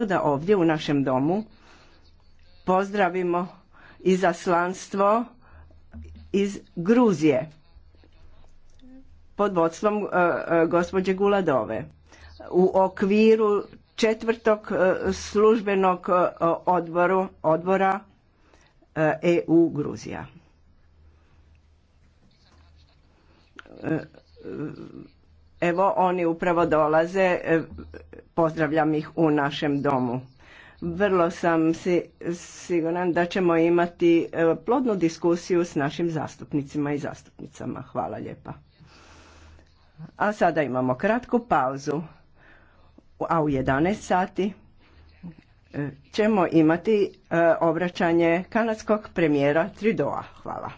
da ovdje u našem domu pozdravimo izaslanstvo iz Gruzije pod vodstvom e, e, gospođe Guladove u okviru četvrtog e, službenog odboru, odbora EU Gruzija. Evo, oni upravo dolaze, e, pozdravljam ih u našem domu. Vrlo sam si, siguran da ćemo imati e, plodnu diskusiju s našim zastupnicima i zastupnicama. Hvala lijepa. A sada imamo kratku pauzu, a u 11 sati e, ćemo imati obraćanje kanadskog premijera Tridoa. Hvala.